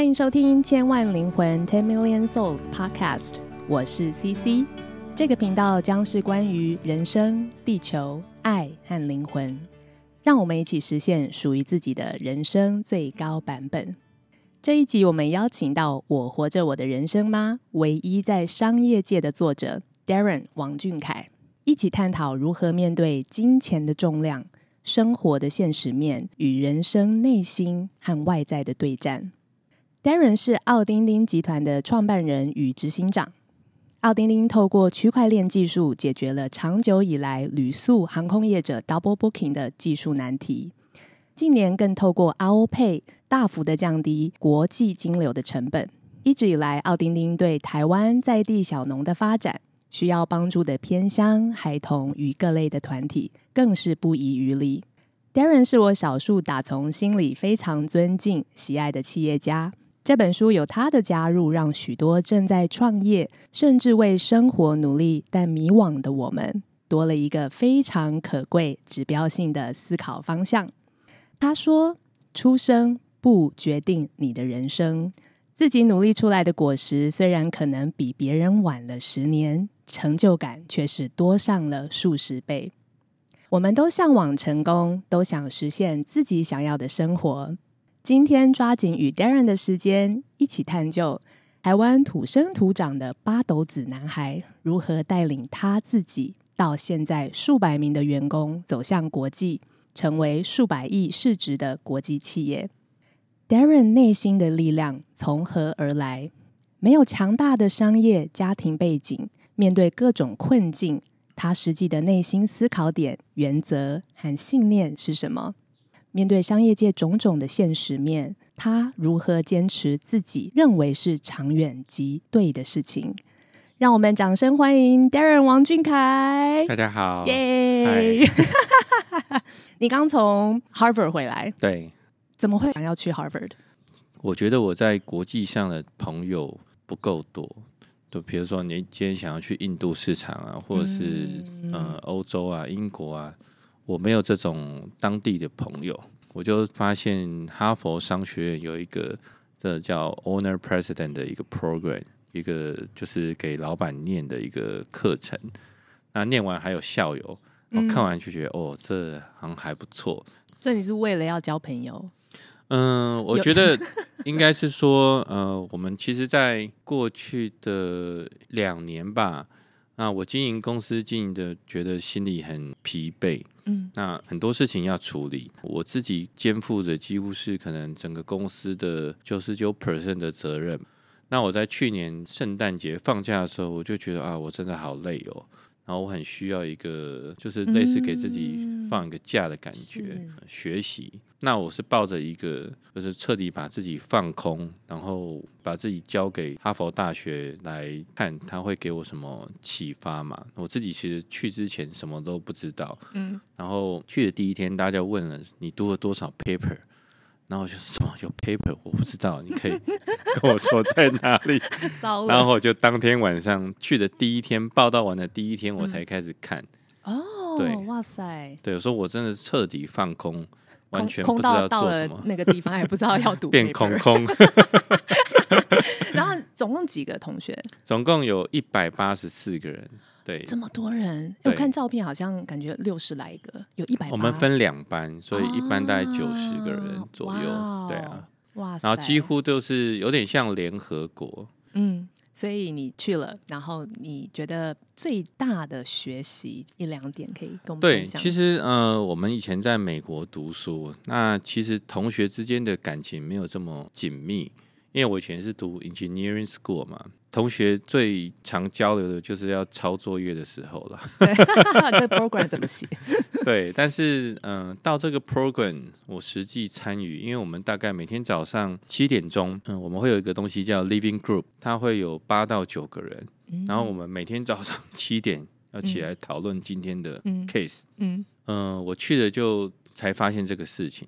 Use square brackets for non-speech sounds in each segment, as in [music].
歡迎收聽《千萬靈魂 Ten Million Souls Podcast》，我是 CC。這個頻道將是關於人生、地球、愛和靈魂。讓我們一起實現屬於自己的人生最高版本。這一集我們邀請到《我活著我的人生嗎？》唯一在商業界的作者 Darren 王俊凱，一起探討如何面對金錢的重量、生活的現實面與人生內心和外在的對戰。Darren 是奧丁丁集團的創辦人與執行長。奧丁丁透過區塊鏈技術解決了長久以來，旅宿、航空業者 double booking 的技術難題。近年更透過 OwlPay 大幅地降低國際金流的成本。一直以來，奧丁丁對台灣在地小農的發展、需要幫助的偏鄉孩童、與各類的團體，更是不遺餘力。Darren 是我少數打從心裡非常尊敬、喜愛的企業家。這本書有他的加入，讓許多正在創業甚至為生活努力但迷惘的我們，多了一個非常可貴、指標性的思考方向。他說：“出生不決定你的人生，自己努力出來的果實，雖然可能比別人晚了十年，成就感卻是多上了數十倍。”我們都向往成功，都想實現自己想要的生活。今天抓緊與 Darren 的時間，一起探究，台灣土生土長的八斗子男孩，如何帶領他自己，到現在數百名的員工走向國際，成為數百億市值的國際企業。Darren 內心的力量，從何而來？沒有強大的商業、家庭背景，面對各種困境，他實際的內心思考點、原則和信念是什麼？面對商業界種種的現實面，他如何堅持自己認為是長遠及對的事情？讓我們掌聲歡迎 Darren 王俊凱。大家好，耶！ [laughs] 你剛從 Harvard 回來，對？怎麼會想要去 Harvard？我覺得我在國際上的朋友不夠多，就比如說，你今天想要去印度市場啊，或者是、嗯呃、歐洲啊、英國啊。我沒有這種當地的朋友，我就發現哈佛商學院，有一個這叫 Owner President 的一個 program，一個就是給老板念的一個課程。那念完還有校友，嗯、我看完就覺得哦，這好像還不錯。這你是為了要交朋友？嗯、呃，我覺得應該是說， [laughs] 呃，我們其實在過去的兩年吧，那我經營公司經營的，覺得心裡很疲憊。那很多事情要處理，我自己肩負着幾乎是可能整個公司的九十九 percent 的責任。那我在去年聖誕節放假的時候，我就覺得啊，我真的好累哦。然後我很需要一個，就是類似給自己放一個假的感覺、嗯，學習。那我是抱着一個，就是徹底把自己放空，然後把自己交給哈佛大學來看，他會給我什麼啟發嘛？我自己其實去之前什麼都不知道，嗯。然後去的第一天，大家問了你讀了多少 paper。然後我就說有 paper，我不知道，你可以跟我說在哪裡。然後就當天晚上去的第一天報到完的第一天，我才開始看。哦，對，哇塞，對，我說我真的徹底放空，完全不知道到了那個地方，也不知道要讀什麼 [laughs] 變空空。 [laughs] 總共幾個同學？總共有一百八十四個人。對，這麼多人，我看照片好像感覺六十來個，有一百。我們分兩班，所以一班大概九十個人左右。啊對啊，哇塞，然後幾乎都是有點像聯合國。嗯，所以你去了，然後你覺得最大的學習一兩點可以跟我們分享？對，其實呃，我們以前在美國讀書，那其實同學之間的感情沒有這麼緊密。因為我以前是讀 engineering school 嘛，同學最常交流的就是要抄作業的時候了。對，這個 program 怎麼寫？ [laughs] 對，但是嗯、呃，到這個 program 我實際參與，因為我們大概每天早上七點鐘，嗯，我們會有一個東西叫 living group，它會有八到九個人，嗯、然後我們每天早上七點要起來討論今天的 case，嗯，嗯，嗯、呃，我去了就才發現這個事情。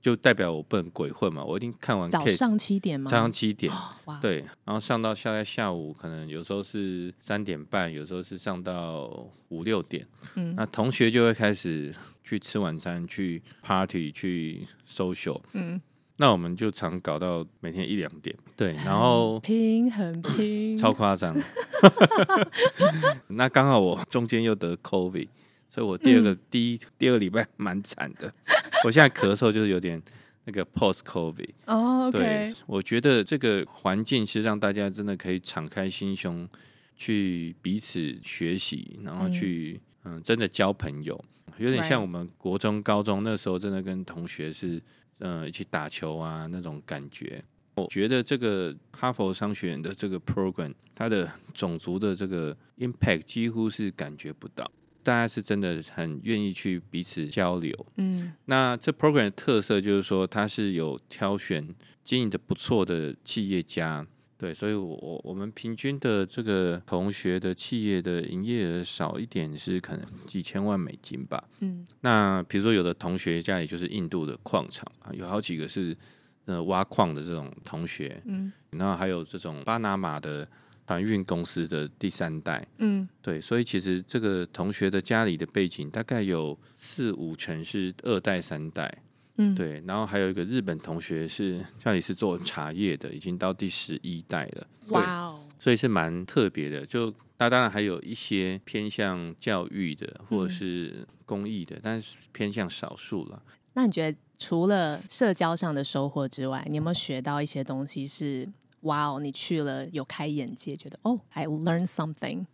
就代表我不能鬼混嘛！我一定看完 case，早上七點嘛，早上七點，哦，對，然後上到下在下午，可能有時候是三點半，有時候是上到五六點。嗯，那同學就會開始去吃晚餐，去 party，去 social。嗯，那我們就常搞到每天一兩點。對，然後很拼很拼，超誇張。 [laughs] [laughs] [laughs] 那剛好我中間又得 COVID，所以我第二個、嗯、第一第二禮拜蠻慘的。 [laughs] 我現在咳嗽就是有點那個 post-COVID。哦，對，我覺得這個環境是讓大家真的可以敞開心胸去彼此學習，然後去嗯,嗯真的交朋友，有點像我們國中、高中那時候真的跟同學是嗯、Right. 呃、一起打球啊那種感覺。我覺得這個哈佛商學院的這個 program，它的種族的這個 impact 幾乎是感覺不到。大家是真的很願意去彼此交流，嗯，那這 program 的特色就是說，它是有挑選經營的不錯的企業家，對，所以我我我們平均的這個同學的企業的營業額少一點是可能幾千萬美金吧，嗯，那比如說有的同學家裡就是印度的礦場啊，有好幾個是呃挖礦的這種同學，嗯，然後還有這種巴拿馬的。船運公司的第三代，嗯，對，所以其實這個同學的家裡的背景大概有四五成是二代三代，嗯，對，然後還有一個日本同學是家裡是做茶葉的，已經到第十一代了，哇哦，所以是蠻特別的。就大當然還有一些偏向教育的或者是公益的，但是偏向少數了。嗯。那你覺得除了社交上的收穫之外，你有沒有學到一些東西是？哇哦，你去了有開眼界，覺得哦，oh，I learned something。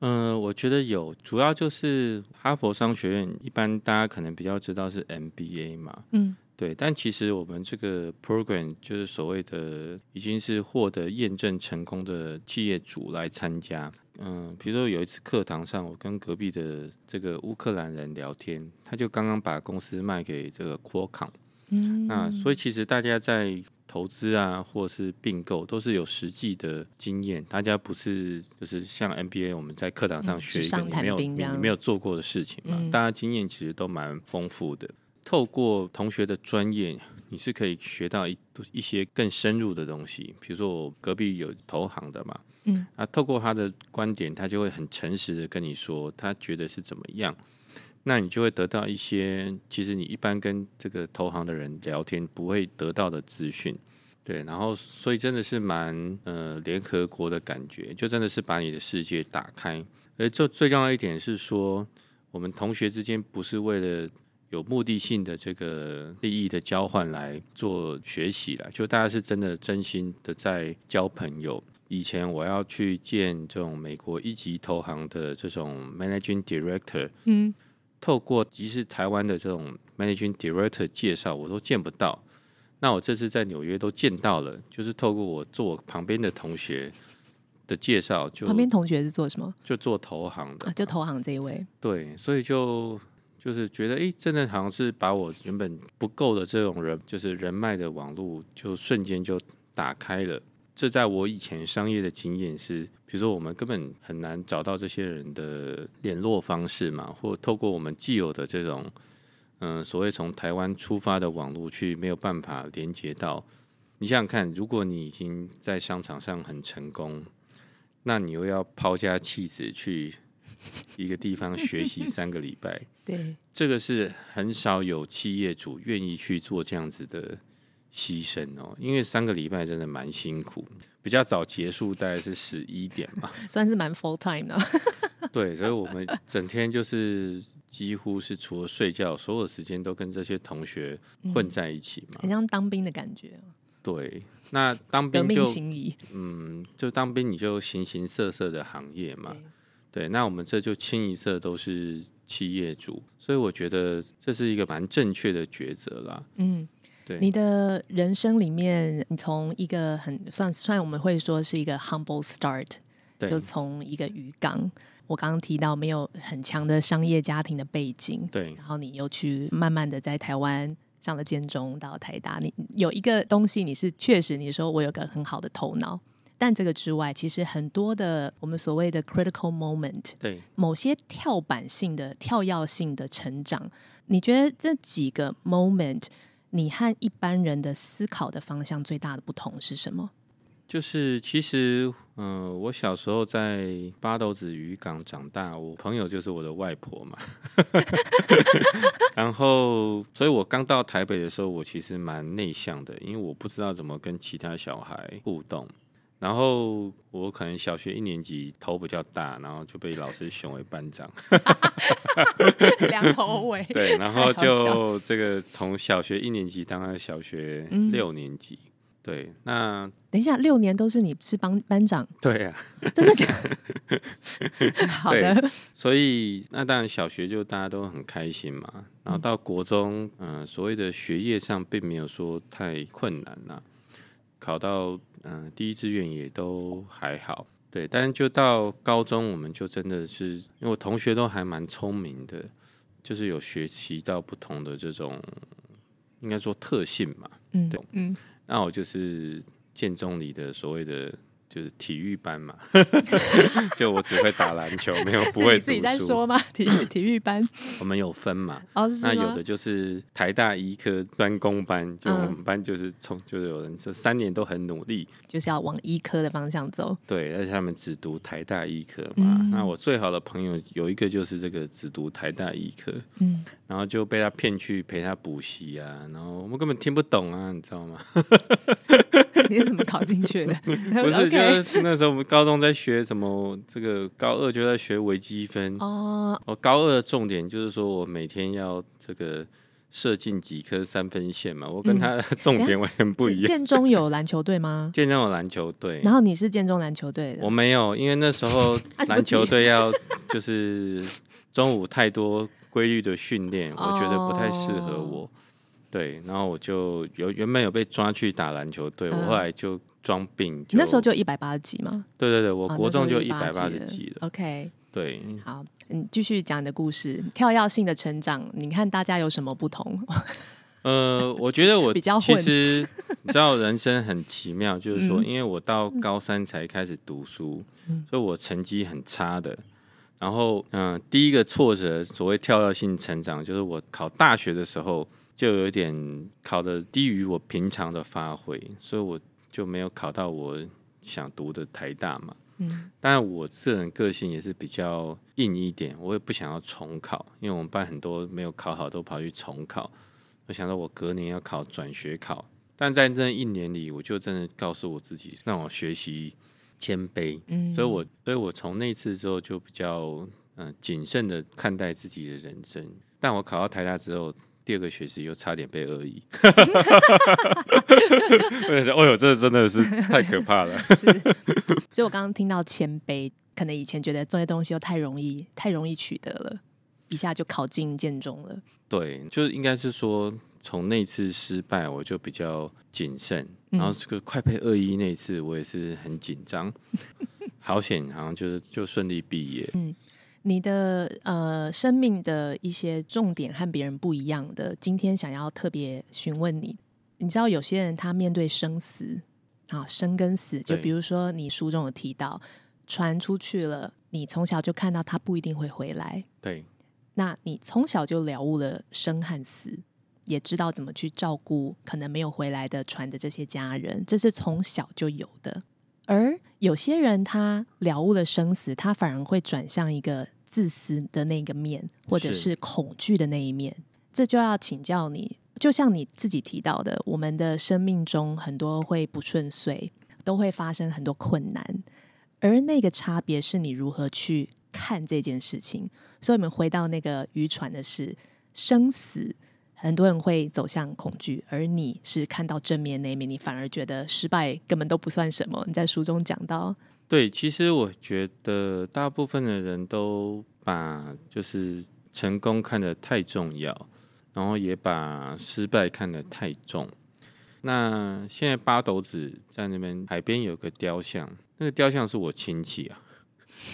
呃，嗯，我覺得有，主要就是哈佛商學院一般大家可能比較知道是 MBA 嘛，嗯，對。但其實我們這個 program 就是所謂的，已經是獲得驗證成功的企業主來參加。嗯、呃，比如說有一次課堂上，我跟隔壁的這個烏克蘭人聊天，他就剛剛把公司賣給這個 Qualcomm。嗯，那所以其實大家在。投資啊，或是併購，都是有實際的經驗。大家不是就是像 MBA，我們在課堂上學一個，你沒有、嗯、紙上談兵一樣，你，你沒有做過的事情嘛？嗯、大家經驗其實都蠻豐富的。透過同學的專業，你是可以學到一一些更深入的東西。比如說我隔壁有投行的嘛，嗯，啊，透過他的觀點，他就會很誠實的跟你說，他覺得是怎麼樣。那你就會得到一些，其實你一般跟這個投行的人聊天不會得到的資訊，對，然後所以真的是蠻呃聯合國的感覺，就真的是把你的世界打開。而這最重要一點是說，我們同學之間不是為了有目的性的這個利益的交換來做學習啦，就大家是真的真心的在交朋友。以前我要去見這種美國一級投行的這種 managing director，嗯。透過即使台灣的這種 managing director 介紹，我都見不到。那我這次在紐約都見到了，就是透過我坐旁邊的同學的介紹，就旁邊同學是做什麼？就做投行的、啊啊，就投行這一位。對，所以就就是覺得，哎、欸，真的好像是把我原本不夠的這種人，就是人脈的網絡，就瞬間就打開了。這在我以前商業的經驗是，比如說我們根本很難找到這些人的聯絡方式嘛，或透過我們既有的這種，嗯、呃，所謂從台灣出發的網絡去沒有辦法連接到。你想想看，如果你已經在商場上很成功，那你又要拋家棄子去一個地方學習三個禮拜， [laughs] 對，這個是很少有企業主願意去做這樣子的。犧牲哦，因為三個禮拜真的蠻辛苦，比較早結束，大概是十一點嘛， [laughs] 算是蠻 full time 的。 [laughs] 對，所以我們整天就是幾乎是除了睡覺，所有時間都跟這些同學混在一起嘛。嗯，很像當兵的感覺。對，那當兵就嗯，就當兵你就形形色色的行業嘛對。對，那我們這就清一色都是企業主，所以我覺得這是一個蠻正確的抉擇啦。嗯。你的人生裡面，你從一個很算雖然我們會說是一個 humble start，就從一個漁港。我剛剛提到沒有很強的商業家庭的背景，對。然後你又去慢慢的在台灣上了建中，到台大。你有一個東西，你是確實你說我有個很好的頭腦，但這個之外，其實很多的我們所謂的 critical moment，對某些跳板性的、跳躍性的成長，你覺得這幾個 moment？你和一般人的思考的方向最大的不同是什麼？就是其實，嗯、呃，我小時候在八斗子漁港長大，我朋友就是我的外婆嘛。 [laughs] 然後，所以我剛到台北的時候，我其實蠻內向的，因為我不知道怎麼跟其他小孩互動。然後我可能小學一年級頭比較大，然後就被老師選為班長。 [laughs] [laughs] [laughs] 兩頭尾對，然後就這個從小學一年級當到小學六年級，嗯、對，那等一下六年都是你是班長，對啊， [laughs] 真的假的？ [laughs] [laughs] 好的，所以那當然小學就大家都很開心嘛，然後到國中，嗯、呃，所謂的學業上並沒有說太困難了、啊。考到嗯、呃、第一志願也都還好，對，但是就到高中，我們就真的是因為我同學都還蠻聰明的，就是有學習到不同的這種，應該說特性嘛，嗯，對，嗯，那我就是建中裡的所謂的。就是體育班嘛 [laughs] [laughs] 就我只會打籃球，沒有不會自己在說嘛。體育體育班， [coughs] 我們有分嘛、哦，是嗎？那有的就是台大醫科專攻班，就我們班就是從就有人這三年都很努力、嗯，就是要往醫科的方向走。對，但是他們只讀台大醫科嘛。嗯、那我最好的朋友有一個就是這個只讀台大醫科，嗯、然後就被他騙去陪他補習啊，然後我們根本聽不懂啊，你知道嗎？ [laughs] 你是怎麼考進去的？ [laughs] 不是，就 [laughs] 是、okay、那時候我們高中在學什麼，這個高二就在學微積分哦。Uh... 我高二的重點就是說我每天要這個射進幾顆三分線嘛。我跟他的重點完全不一樣。嗯、等一下，建中有籃球隊嗎？建中有籃球隊。然後你是建中籃球隊的？我沒有，因為那時候籃球隊要就是中午太多規律的訓練，uh... 我覺得不太適合我。對，然後我就有原本有被抓去打籃球隊，嗯，我後來就裝病就。那時候就一百八十幾嘛。對對對，我國中就一百八十幾了，啊、了。OK。對，好，你繼續講你的故事，跳躍性的成長，你看大家有什麼不同？呃，我覺得我比較混其實，你知道人生很奇妙， [laughs] 就是說，嗯，因為我到高三才開始讀書，嗯，所以我成績很差的。然後，嗯、呃，第一個挫折，所謂跳躍性成長，就是我考大學的時候。就有點考得低於我平常的發揮，所以我就沒有考到我想讀的台大嘛。嗯，但我個人個性也是比較硬一點，我也不想要重考，因為我們班很多沒有考好都跑去重考。我想到我隔年要考轉學考，但在這一年裡，我就真的告訴我自己讓我學習謙卑。嗯，所以我所以我從那次之後就比較嗯、呃、謹慎的看待自己的人生。但我考到台大之後。第二個學期又差點被二一 [laughs] [laughs] 我也是哦。哎呦，這真,真的是太可怕了 [laughs] 所以我剛剛聽到謙卑，可能以前覺得這些東西又太容易，太容易取得了，一下就考進建中了。對，就是應該是說，從那次失敗，我就比較謹慎、嗯。然後這個快被二一那次，我也是很緊張，好險，好像就是就順利畢業。嗯。你的呃生命的一些重點和別人不一樣的，今天想要特別詢問你，你知道有些人他面對生死啊，生跟死，就比如說你書中有提到，船出去了，你從小就看到他不一定會回來，對，那你從小就了悟了生和死，也知道怎麼去照顧可能沒有回來的船的這些家人，這是從小就有的。而有些人他了悟了生死，他反而會轉向一個。自私的那個面，或者是恐懼的那一面，這就要請教你。就像你自己提到的，我們的生命中很多會不順遂，都會發生很多困難，而那個差別是你如何去看這件事情。所以，我們回到那個漁船的事，生死，很多人會走向恐懼，而你是看到正面那一面，你反而覺得失敗根本都不算什麼。你在書中講到。對，其實我覺得大部分的人都把就是成功看得太重要，然後也把失敗看得太重。那現在八斗子在那邊海邊有個雕像，那個雕像是我親戚啊。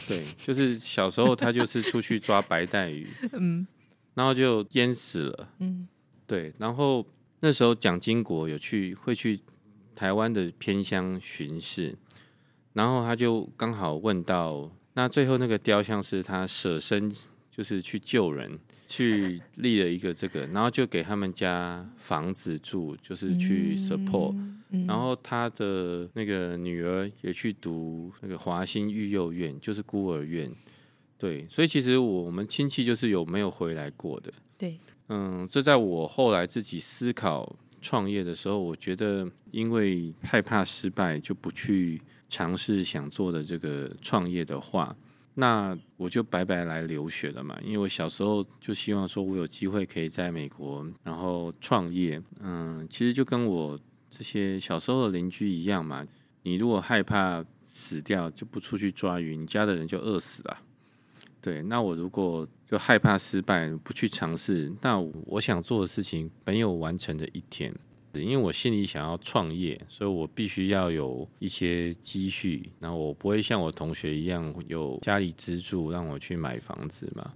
對，就是小時候他就是出去抓白帶魚，嗯， [laughs] 然後就淹死了。對，然後那時候蔣經國有去會去台灣的偏鄉巡視。然後他就剛好問到，那最後那個雕像是他捨身，就是去救人，去立了一個這個，然後就給他們家房子住，就是去 support，嗯，嗯。然後他的那個女兒也去讀那個華興育幼院，就是孤兒院。對，所以其實我們親戚就是有沒有回來過的。對，嗯，這在我後來自己思考創業的時候，我覺得因為害怕失敗就不去嘗試想做的這個創業的話，那我就白白來留學了嘛。因為我小時候就希望說，我有機會可以在美國然後創業。嗯，其實就跟我這些小時候的鄰居一樣嘛。你如果害怕死掉，就不出去抓魚，你家的人就餓死了啊。對，那我如果就害怕失敗，不去嘗試，那我想做的事情沒有完成的一天。因為我心裡想要創業，所以我必須要有一些積蓄。然後我不會像我同學一樣有家裡資助讓我去買房子嘛。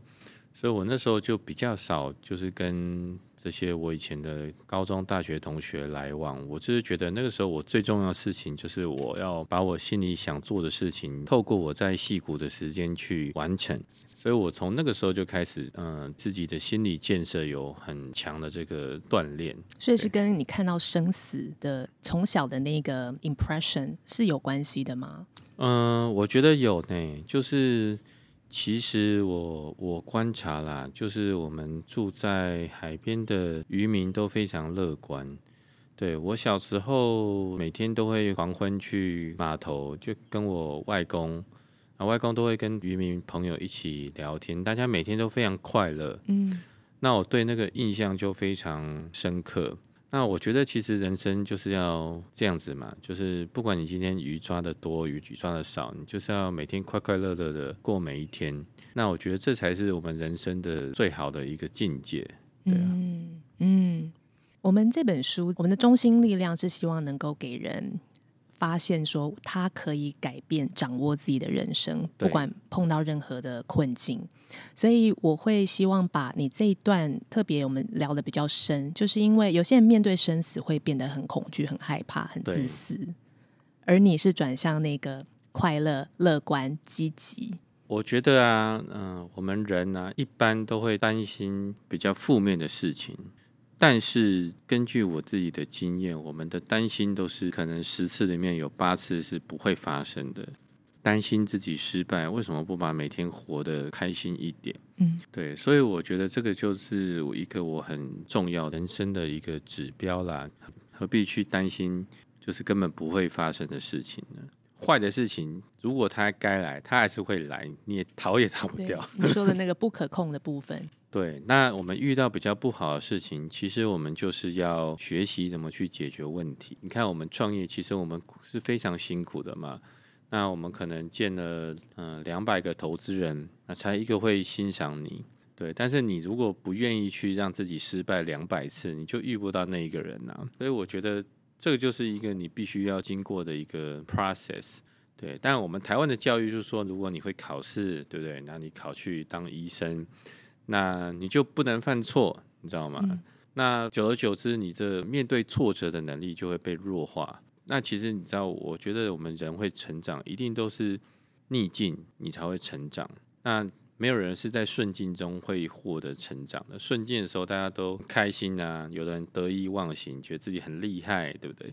所以，我那時候就比較少，就是跟這些我以前的高中、大學同學來往。我就是覺得那個時候，我最重要的事情就是我要把我心裡想做的事情，透過我在矽谷的時間去完成。所以我從那個時候就開始，嗯、呃，自己的心理建設有很強的這個鍛鍊。所以是跟你看到生死的從小的那個 impression 是有關係的嗎？嗯、呃，我覺得有呢，就是。其實我我觀察啦，就是我們住在海邊的漁民都非常樂觀。對，我小時候每天都會黃昏去碼頭，就跟我外公啊，外公都會跟漁民朋友一起聊天，大家每天都非常快樂。嗯，那我對那個印象就非常深刻。那我覺得，其實人生就是要這樣子嘛，就是不管你今天魚抓的多，魚魚抓的少，你就是要每天快快樂樂的過每一天。那我覺得這才是我們人生的最好的一個境界。對啊，嗯，嗯，我們這本書，我們的中心力量是希望能夠給人。發現說他可以改變，掌握自己的人生，不管碰到任何的困境，所以我會希望把你這一段，特別我們聊的比較深，就是因為有些人面對生死會變得很恐懼、很害怕、很自私，而你是轉向那個快樂、樂觀、積極。我覺得啊，嗯、呃，我們人呢、啊、一般都會擔心比較負面的事情。但是根據我自己的經驗，我們的擔心都是可能十次裡面有八次是不會發生的。擔心自己失敗，為什麼不把每天活得開心一點？嗯，對，所以我覺得這個就是我一個我很重要人生的一個指標啦。何必去擔心就是根本不會發生的事情呢？壞的事情，如果他該來，他還是會來，你也逃也逃不掉。你說的那個不可控的部分。 [laughs] 對，那我們遇到比較不好的事情，其實我們就是要學習怎麼去解決問題。你看，我們創業，其實我們是非常辛苦的嘛。那我們可能見了嗯兩百個投資人，那才一個會欣賞你。對，但是你如果不願意去讓自己失敗兩百次，你就遇不到那一個人吶啊。所以我覺得。這個就是一個你必須要經過的一個 process，對。但我們台灣的教育就是說，如果你會考試，對不對？那你考去當醫生，那你就不能犯錯，你知道嗎？嗯。那久而久之，你這面對挫折的能力就會被弱化。那其實你知道，我覺得我們人會成長，一定都是逆境，你才會成長。那沒有人是在順境中會獲得成長的。順境的時候，大家都開心啊，有的人得意忘形，覺得自己很厲害，對不對？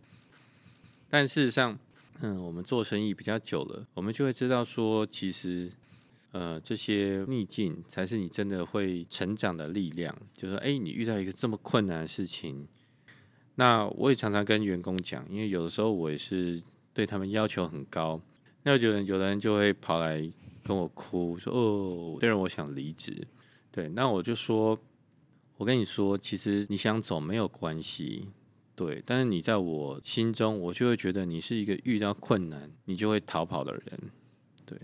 但事實上，嗯，我們做生意比較久了，我們就會知道說，其實，呃，這些逆境才是你真的會成長的力量。就是說，哎，你遇到一個這麼困難的事情，那我也常常跟員工講，因為有的時候我也是對他們要求很高，那有人有的人就會跑來。跟我哭說哦，雖然我想離職。對，那我就說，我跟你說，其實你想走沒有關係。對，但是你在我心中，我就會覺得你是一個遇到困難你就會逃跑的人。對，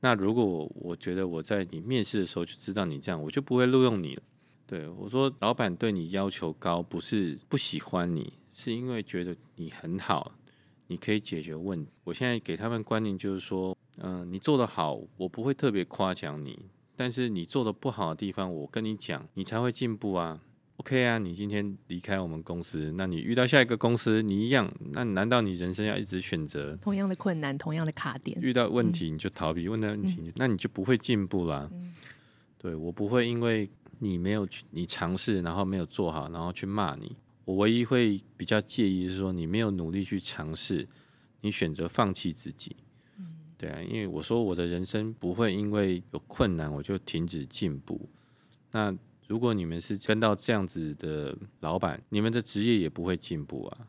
那如果我覺得我在你面試的時候就知道你這樣，我就不會錄用你了。對我說，老闆對你要求高，不是不喜歡你，是因為覺得你很好。你可以解決問題。我現在給他們觀念就是說，嗯、呃，你做得好，我不會特別誇獎你；但是你做得不好的地方，我跟你講，你才會進步啊。OK 啊，你今天離開我們公司，那你遇到下一個公司，你一樣。那難道你人生要一直選擇同樣的困難、同樣的卡點？遇到問題、嗯、你就逃避，問到問題、嗯、那你就不會進步啦、啊嗯、對，我不會因為你沒有去你嘗試，然後沒有做好，然後去罵你。我唯一會比較介意是說，你沒有努力去嘗試，你選擇放棄自己，嗯，對啊，因為我說我的人生不會因為有困難我就停止進步。那如果你們是跟到這樣子的老板，你們的職業也不會進步啊。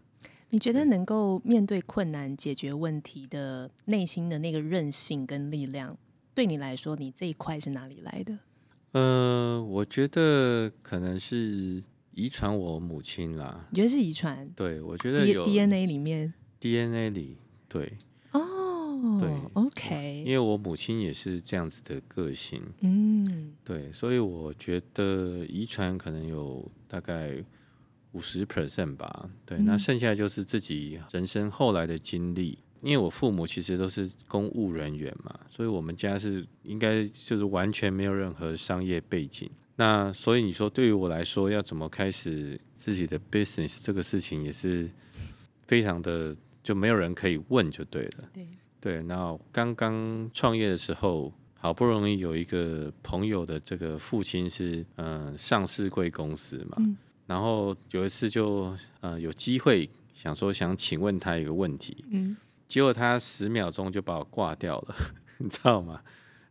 你覺得能夠面對困難、解決問題的內心的那個韌性跟力量，對你來說，你這一塊是哪裡來的？嗯，呃，我覺得可能是。遺傳我母親啦，你覺得是遺傳？對，我覺得有 DNA 裡面，DNA 裡對哦，對，oh，對，OK，因為我母親也是這樣子的個性，嗯，對，所以我覺得遺傳可能有大概五十 percent 吧，對，那剩下就是自己人生後來的經歷，嗯，因為我父母其實都是公務人員嘛，所以我們家是應該就是完全沒有任何商業背景。那所以你說，對於我來說，要怎麼開始自己的 business 這個事情也是非常的就沒有人可以問就對了。對那剛剛創業的時候，好不容易有一個朋友的這個父親是嗯、呃、上市櫃公司嘛、嗯，然後有一次就、呃、有機會想說想請問他一個問題，嗯，結果他十秒鐘就把我掛掉了，你知道嗎？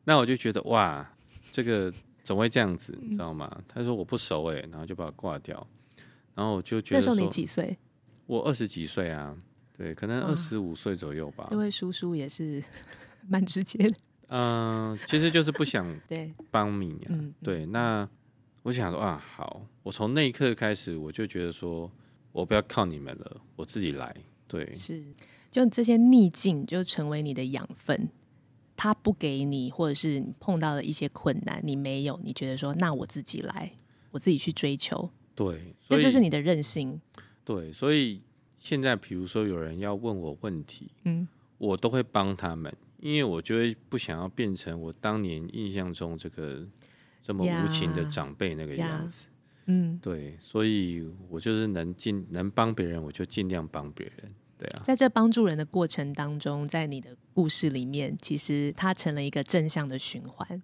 那我就覺得哇，這個。總會這樣子？你知道嗎？嗯、他說我不熟哎、欸，然後就把它掛掉。然後我就覺得，那時候你幾歲？我二十幾歲啊，對，可能二十五歲左右吧、啊。這位叔叔也是蠻直接的。嗯、呃，其實就是不想幫、啊、 [laughs] 對幫你、嗯、對。那我想說啊，好，我從那一刻開始，我就覺得說我不要靠你們了，我自己來。對，是，就這些逆境就成為你的養分。他不給你，或者是你碰到了一些困難，你沒有，你覺得說那我自己來，我自己去追求，對，這就，就是你的任性。對，所以現在比如說有人要問我問題，嗯，我都會幫他們，因為我就會不想要變成我當年印象中這個這麼無情的長輩那個樣子。Yeah, 嗯，對，所以我就是能盡能幫別人，我就盡量幫別人。對啊，在這幫助人的過程當中，在你的故事裡面，其實它成了一個正向的循環。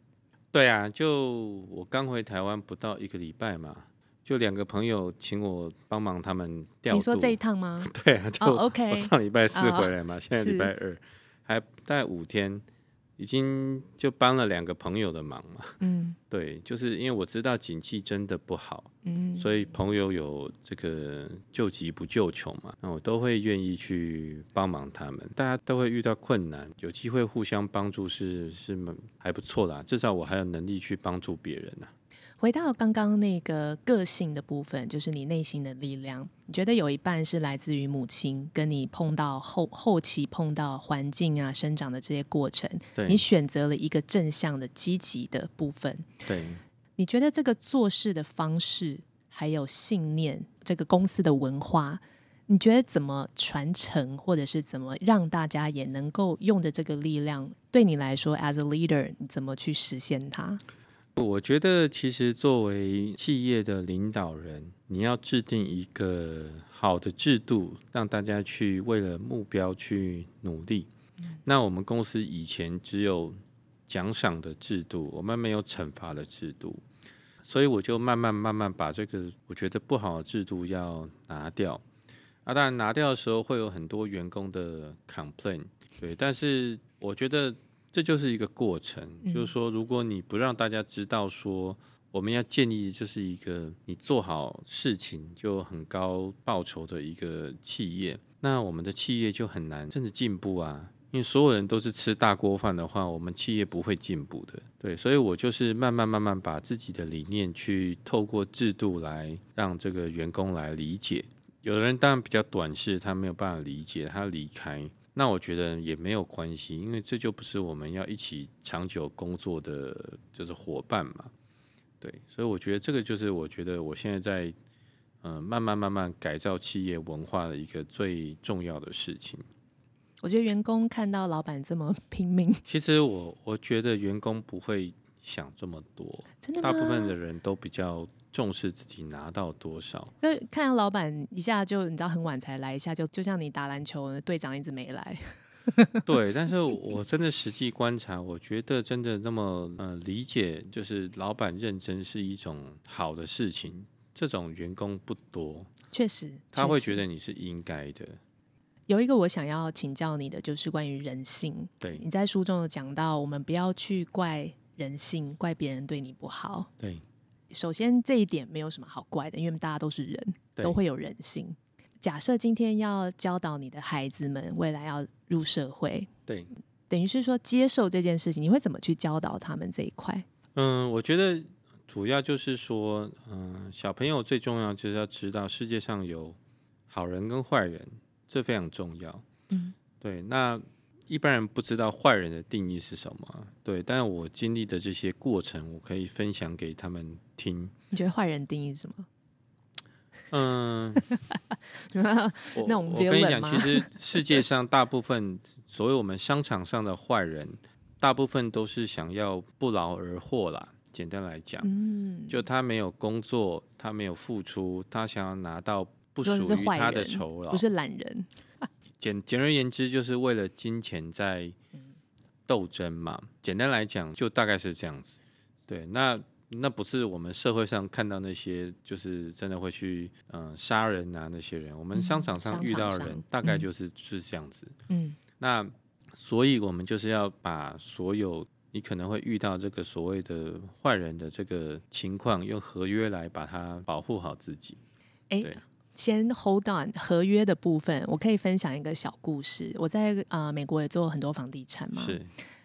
對啊，就我剛回台灣不到一個禮拜嘛，就兩個朋友請我幫忙他們調度。你說這一趟嗎？對啊，就、oh, OK。我上禮拜四回來嘛，oh, 現在禮拜二，還待五天。已經就幫了兩個朋友的忙嘛，嗯，對，就是因為我知道景氣真的不好，嗯，所以朋友有這個救急不救窮嘛，那我都會願意去幫忙他們。大家都會遇到困難，有機會互相幫助是是蠻還不錯啦，至少我還有能力去幫助別人吶啊。回到剛剛那個個性的部分，就是你內心的力量。你覺得有一半是來自於母親，跟你碰到後後期碰到環境啊，生長的這些過程。對，你選擇了一個正向的、積極的部分。對，你覺得這個做事的方式，還有信念，這個公司的文化，你覺得怎麼傳承，或者是怎麼讓大家也能夠用着這個力量？對你來說，as a leader，你怎麼去實現它？我覺得其實作為企業的領導人，你要制定一個好的制度，讓大家去為了目標去努力。嗯。那我們公司以前只有獎賞的制度，我們沒有懲罰的制度，所以我就慢慢慢慢把這個我覺得不好的制度要拿掉。啊，當然拿掉的時候會有很多員工的 complaint，對，但是我覺得。這就是一個過程，嗯、就是說，如果你不讓大家知道說，我們要建立就是一個你做好事情就很高報酬的一個企業，那我們的企業就很難甚至進步啊。因為所有人都是吃大鍋飯的話，我們企業不會進步的。對，所以我就是慢慢慢慢把自己的理念去透過制度來讓這個員工來理解。有的人當然比較短視，他沒有辦法理解，他離開。那我覺得也沒有關係，因為這就不是我們要一起長久工作的就是夥伴嘛，對，所以我覺得這個就是我覺得我現在在嗯、呃、慢慢慢慢改造企業文化的一個最重要的事情。我覺得員工看到老闆這麼拼命，其實我我覺得員工不會想這麼多，真的，大部分的人都比較。重視自己拿到多少？那看到老板一下就你知道很晚才來，一下就就像你打籃球的隊長一直沒來 [laughs] 。對，但是我真的實際觀察，我覺得真的那麼呃理解，就是老板認真是一種好的事情，這種員工不多，確實，確實他會覺得你是應該的。有一個我想要請教你的，就是關於人性。對你在書中有講到，我們不要去怪人性，怪別人對你不好。對。首先，這一點，沒有什麼好怪的，因為大家都是人，都會有人性。假設今天要教導你的孩子們未來要入社會，對，等於是說，接受這件事情，你會怎麼去教導他們這一塊？嗯，我覺得主要就是說，嗯、呃，小朋友最重要就是要知道世界上有好人跟壞人，這非常重要。嗯，對，那。一般人不知道壞人的定義是什麼？對，但是我經歷的這些過程，我可以分享給他們聽。你覺得壞人定義是什麼？嗯、呃， [laughs] 那我，我跟你講， [laughs] 其實世界上大部分， [laughs] 所謂我們商場上的壞人，大部分都是想要不勞而獲啦。簡單來講，嗯、就他沒有工作，他沒有付出，他想要拿到不屬於他的酬勞。不，是，不是懶人。簡簡而言之，就是為了金錢在鬥爭嘛。簡單來講，就大概是這樣子。對，那那不是我們社會上看到那些，就是真的會去嗯、呃、殺人啊那些人。我們商場上遇到的人，大概就是是這樣子嗯。嗯，那所以我們就是要把所有你可能會遇到這個所謂的壞人的這個情況，用合約來把它保護好自己。對。欸先 hold on 合約的部分，我可以分享一個小故事。我在呃美國也做了很多房地產嘛，是。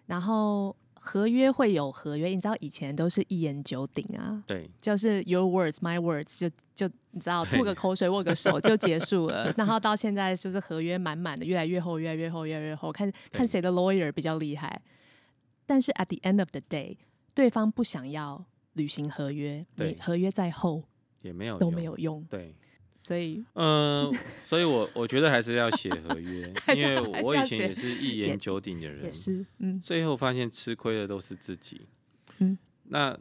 然後合約會有合約，你知道以前都是一言九鼎啊，對，就是 your words my words，就就你知道吐個口水握個手就結束了。 [laughs] 然後到現在就是合約滿滿的，越來越厚，越來越厚，越來越厚，看看誰的 lawyer 比較厲害。但是 at the end of the day，對方不想要履行合約，你合約再厚也沒有都沒有用，對。所以，嗯、呃，所以我我覺得還是要寫合約， [laughs] 因為我以前也是一言九鼎的人，也是，嗯，最後發現吃虧的都是自己，嗯，那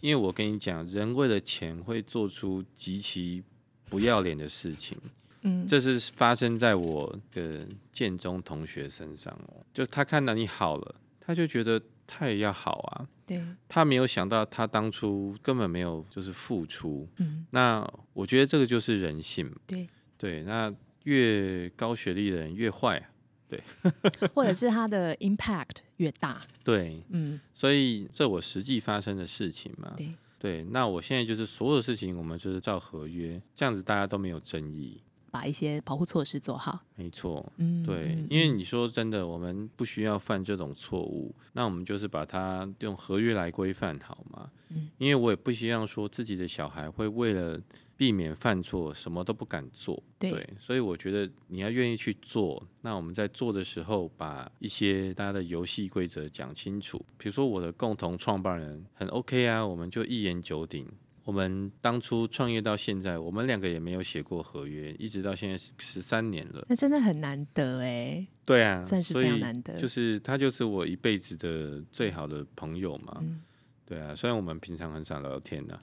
因為我跟你講，人為了錢會做出極其不要臉的事情，嗯，這是發生在我的建中同學身上哦，就他看到你好了，他就覺得。他也要好啊，對，他沒有想到，他當初根本沒有就是付出，嗯，那我覺得這個就是人性，對對，那越高學歷的人越壞啊，對，或者是他的 impact 越大， [laughs] 對，嗯，所以這我實際發生的事情嘛，對對，那我現在就是所有的事情我們就是照合約，這樣子大家都沒有爭議。把一些保護措施做好，沒錯，嗯，對，因為你說真的，我們不需要犯這種錯誤，那我們就是把它用合約來規範，好嗎？嗯，因為我也不希望說自己的小孩會為了避免犯錯，什麼都不敢做，對，所以我覺得你要願意去做，那我們在做的時候，把一些大家的遊戲規則講清楚，比如說我的共同創辦人很 OK 啊，我們就一言九鼎。我們當初創業到現在，我們兩個也沒有寫過合約，一直到現在十十三年了。那真的很難得哎。對啊，算是非常難得。所以就是他就是我一輩子的最好的朋友嘛。嗯、對啊，雖然我們平常很少聊天吶、啊，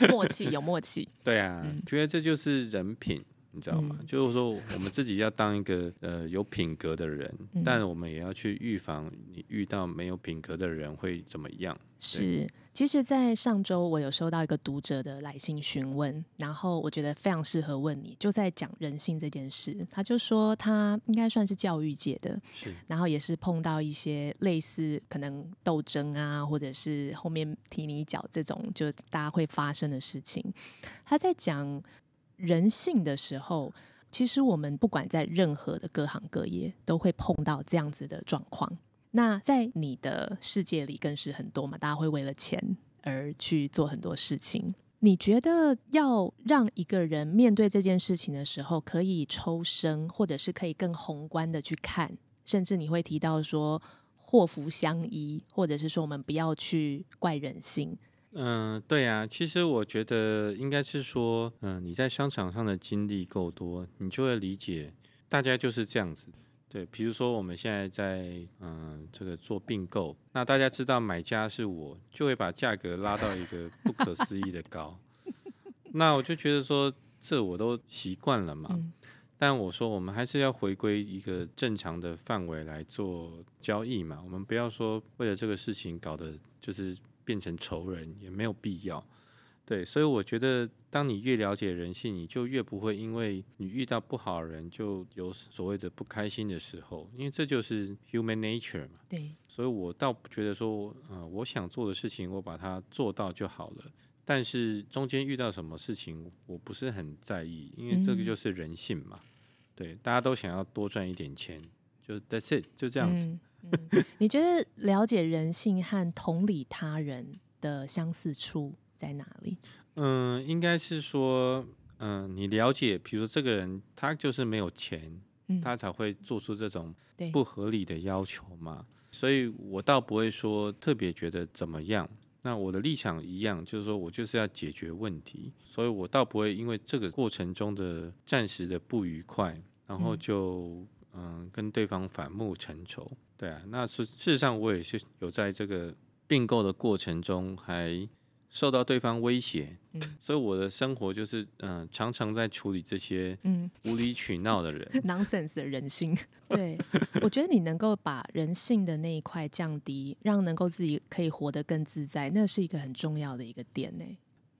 [laughs] [laughs] 默契有默契。對啊、嗯，覺得這就是人品。你知道嗎？嗯、就是說，我們自己要當一個呃有品格的人，嗯，但我們也要去預防你遇到沒有品格的人會怎麼樣。是，其實，在上周我有收到一個讀者的來信詢問，然後我覺得非常適合問你，就在講人性這件事。他就說，他應該算是教育界的，是，然後也是碰到一些類似可能鬥爭啊，或者是後面踢你一腳這種，就大家會發生的事情。他在講。人性的時候，其實我們不管在任何的各行各業，都會碰到這樣子的狀況。那在你的世界裡，更是很多嘛，大家會為了錢而去做很多事情。你覺得要讓一個人面對這件事情的時候，可以抽身，或者是可以更宏觀的去看，甚至你會提到說禍福相依，或者是說我們不要去怪人性。嗯，對呀、啊，其實我覺得應該是說，嗯，你在商場上的經歷夠多，你就會理解大家就是這樣子。對，比如說我們現在在嗯這個做併購，那大家知道買家是我，就會把價格拉到一個不可思議的高。 [laughs] 那我就覺得說，這我都習慣了嘛。嗯、但我說，我們還是要回歸一個正常的範圍來做交易嘛。我們不要說為了這個事情搞的，就是。變成仇人也沒有必要，對，所以我覺得，當你越了解人性，你就越不會因為你遇到不好的人就有所謂的不開心的時候，因為這就是 human nature 嘛。對，所以我倒不覺得說、呃，我想做的事情，我把它做到就好了。但是中間遇到什麼事情，我不是很在意，因為這個就是人性嘛。嗯、對，大家都想要多賺一點錢，就 that's it，就這樣子。嗯 [laughs] 嗯，你覺得了解人性和同理他人的相似處在哪裡？嗯，應該是說，嗯，你了解，比如說這個人他就是沒有錢，嗯，他才會做出這種不合理的要求嘛。所以我倒不會說特別覺得怎麼樣。那我的立場一樣，就是說我就是要解決問題，所以我倒不會因為這個過程中的暫時的不愉快，然後就嗯，嗯，跟對方反目成仇。對啊，那事事實上，我也是有在這個併購的過程中，還受到對方威脅，嗯，所以我的生活就是嗯、呃、常常在處理這些嗯無理取鬧的人、嗯、 [laughs] ，nonsense 的人性。對， [laughs] 我覺得你能夠把人性的那一塊降低，讓能夠自己可以活得更自在，那是一個很重要的一個點呢。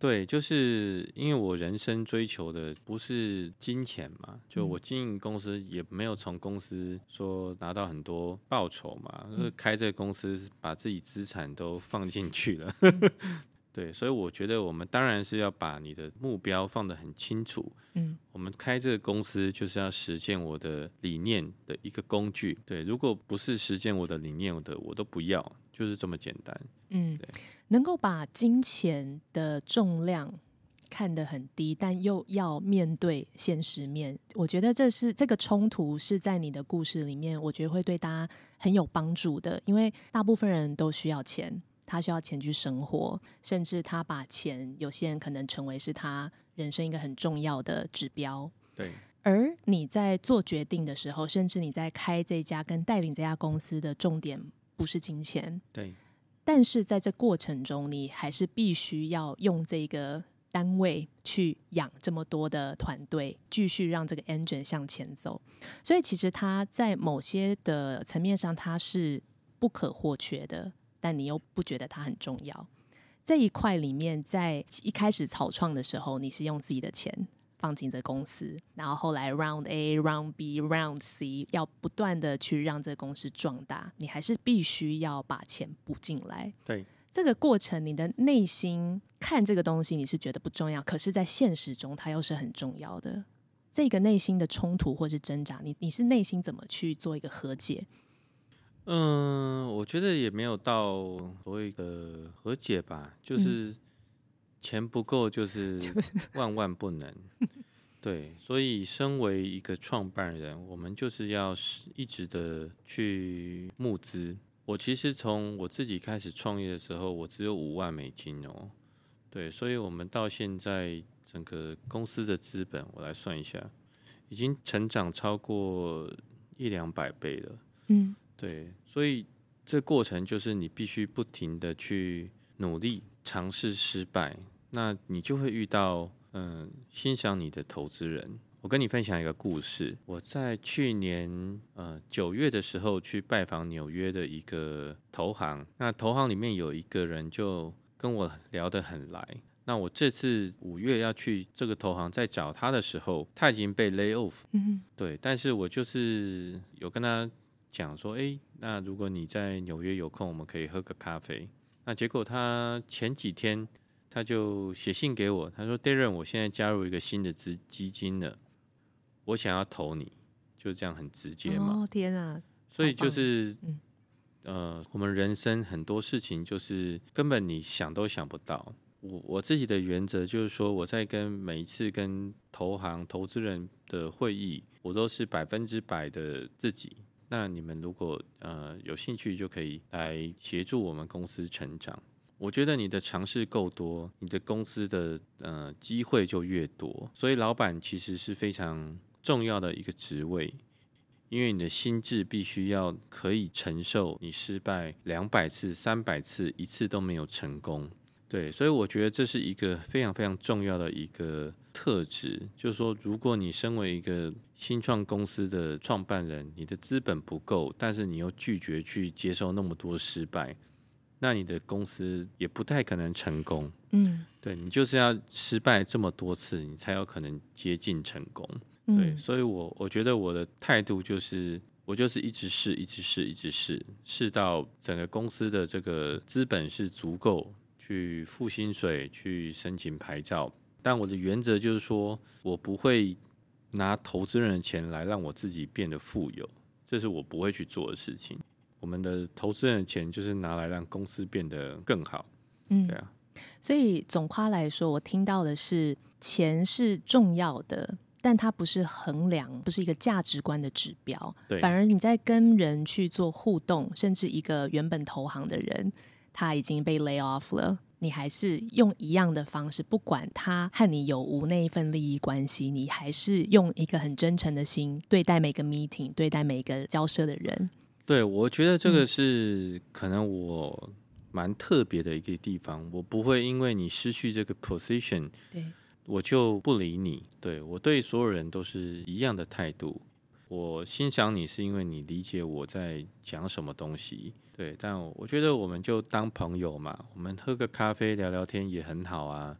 對，就是因為我人生追求的不是金錢嘛，就我經營公司也沒有從公司說拿到很多報酬嘛，就是、開這個公司把自己資產都放進去了。 [laughs] 對，所以我覺得我們當然是要把你的目標放得很清楚。嗯，我們開這個公司就是要實現我的理念的一個工具。對，如果不是實現我的理念我的，我都不要，就是這麼簡單。嗯，對，能夠把金錢的重量看得很低，但又要面對現實面，我覺得這是這個衝突是在你的故事裡面，我覺得會對大家很有幫助的，因為大部分人都需要錢。他需要錢去生活，甚至他把錢，有些人可能成為是他人生一個很重要的指標。對。而你在做決定的時候，甚至你在開這家跟帶領這家公司的重點不是金錢。對。但是在這過程中，你還是必須要用這個單位去養這麼多的團隊，繼續讓這個 engine 向前走。所以其實它在某些的層面上，它是不可或缺的。但你又不覺得它很重要。這一塊裡面，在一開始草創的時候，你是用自己的錢放進這公司，然後後來 Round A、Round B、Round C，要不斷的去讓這個公司壯大，你還是必須要把錢補進來。對。這個過程，你的內心看這個東西，你是覺得不重要，可是，在現實中它又是很重要的。這個內心的衝突或是掙扎，你你是內心怎麼去做一個和解？嗯，我覺得也沒有到所謂的和解吧，就是錢不夠，就是萬萬不能。嗯、 [laughs] 對，所以身為一個創辦人，我們就是要一直的去募資。我其實從我自己開始創業的時候，我只有五萬美金哦。對，所以我們到現在整個公司的資本，我來算一下，已經成長超過一兩百倍了。嗯。對，所以這過程就是你必須不停的去努力、嘗試、失敗，那你就會遇到嗯、呃、欣賞你的投資人。我跟你分享一個故事，我在去年呃九月的時候去拜訪紐約的一個投行，那投行裡面有一個人就跟我聊得很來。那我這次五月要去這個投行再找他的時候，他已經被 lay off，嗯哼，對，但是我就是有跟他。講說，哎，那如果你在紐約有空，我們可以喝個咖啡。那結果他前幾天他就寫信給我，他說：“Darren，我現在加入一個新的資基金了，我想要投你。”就這樣很直接嘛。哦，天啊！所以就是，呃、嗯，我們人生很多事情就是根本你想都想不到。我我自己的原則就是說，我在跟每一次跟投行、投資人的會議，我都是百分之百的自己。那你們如果呃有興趣，就可以來協助我們公司成長。我覺得你的嘗試夠多，你的公司的呃機會就越多。所以老板其實是非常重要的一個職位，因為你的心智必須要可以承受你失敗兩百次、三百次，一次都沒有成功。對，所以我覺得這是一個非常非常重要的一個特質就是說，如果你身為一個新創公司的創辦人，你的資本不夠，但是你又拒絕去接受那麼多失敗，那你的公司也不太可能成功。嗯，對，你就是要失敗這麼多次，你才有可能接近成功。嗯，對，所以我我覺得我的態度就是，我就是一直試，一直試，一直試，試到整個公司的這個資本是足夠去付薪水、去申請牌照。但我的原則就是說，我不會拿投資人的錢來讓我自己變得富有，這是我不會去做的事情。我們的投資人的錢就是拿來讓公司變得更好。嗯，對啊。所以總括來說，我聽到的是錢是重要的，但它不是衡量，不是一個價值觀的指標。對。反而你在跟人去做互動，甚至一個原本投行的人，他已經被 lay off 了。你還是用一樣的方式，不管他和你有無那一份利益關係，你還是用一個很真誠的心對待每個 meeting，對待每一個交涉的人。對，我覺得這個是可能我蠻特別的一個地方，我不會因為你失去這個 position，對我就不理你。對，我對所有人都是一樣的態度。我欣賞你，是因為你理解我在講什麼東西，對。但我覺得我們就當朋友嘛，我們喝個咖啡聊聊天也很好啊，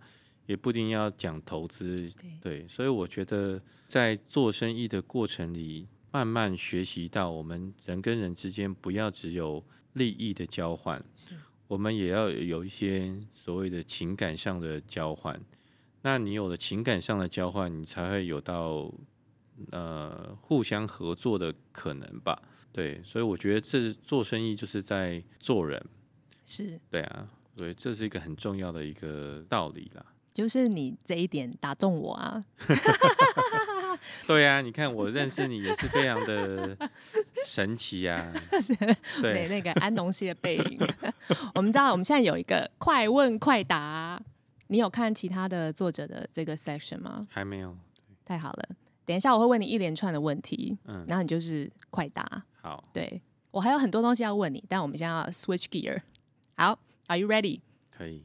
也不一定要講投資，對。對，所以我覺得在做生意的過程裡，慢慢學習到我們人跟人之間不要只有利益的交換，我們也要有一些所謂的情感上的交換。那你有了情感上的交換，你才會有到。呃，互相合作的可能吧，對，所以我覺得這做生意就是在做人，是對啊，所以這是一個很重要的一個道理啦。就是你這一點打中我啊， [laughs] [laughs] 對啊，你看我認識你也是非常的神奇啊， [laughs] 對，對 [laughs] 那個安東西的背影， [laughs] 我們知道我們現在有一個快問快答，你有看其他的作者的這個 section 嗎？還沒有，太好了。等一下，我會問你一連串的問題，嗯，然後你就是快答。好，對，我還有很多東西要問你，但我們現在要 switch gear。好，Are you ready？可以。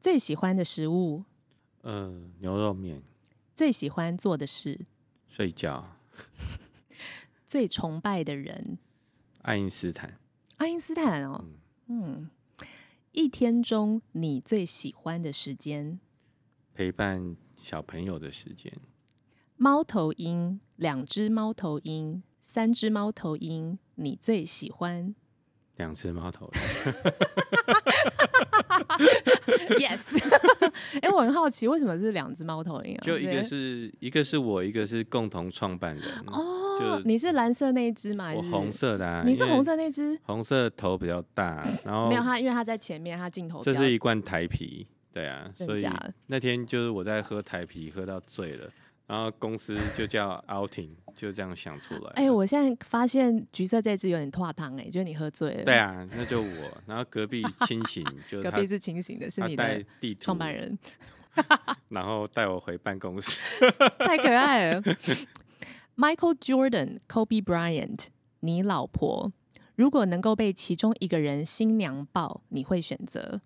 最喜歡的食物？呃，牛肉麵。最喜歡做的事？睡覺。 [laughs] 最崇拜的人？愛因斯坦。愛因斯坦哦，嗯，嗯。一天中你最喜歡的時間？陪伴小朋友的時間。貓頭鷹，兩只貓頭鷹，三只貓頭鷹，你最喜歡？兩只貓頭鷹 [laughs] [laughs] ，Yes，哎、 [laughs] 欸，我很好奇，為什麼是兩只貓頭鷹、啊？就一個是一個是我，一個是共同創辦人哦。你是藍色那一只嘛？我紅色的、啊。你是紅色那只、啊？紅色頭比較大，然後沒有它，因為它在前面，它鏡頭。這是一罐台啤，對啊，所以那天就是我在喝台啤，喝到醉了。然後公司就叫 OwlTing，就這樣想出來。哎、欸，我現在發現橘色這隻有點化糖哎，就你喝醉了。對啊，那就我。然後隔壁清醒， [laughs] 就隔壁是清醒的，是你的創辦人。 [laughs] 然後帶我回辦公室， [laughs] 太可愛了。Michael Jordan、Kobe Bryant，你老婆如果能夠被其中一個人新娘抱，你會選擇？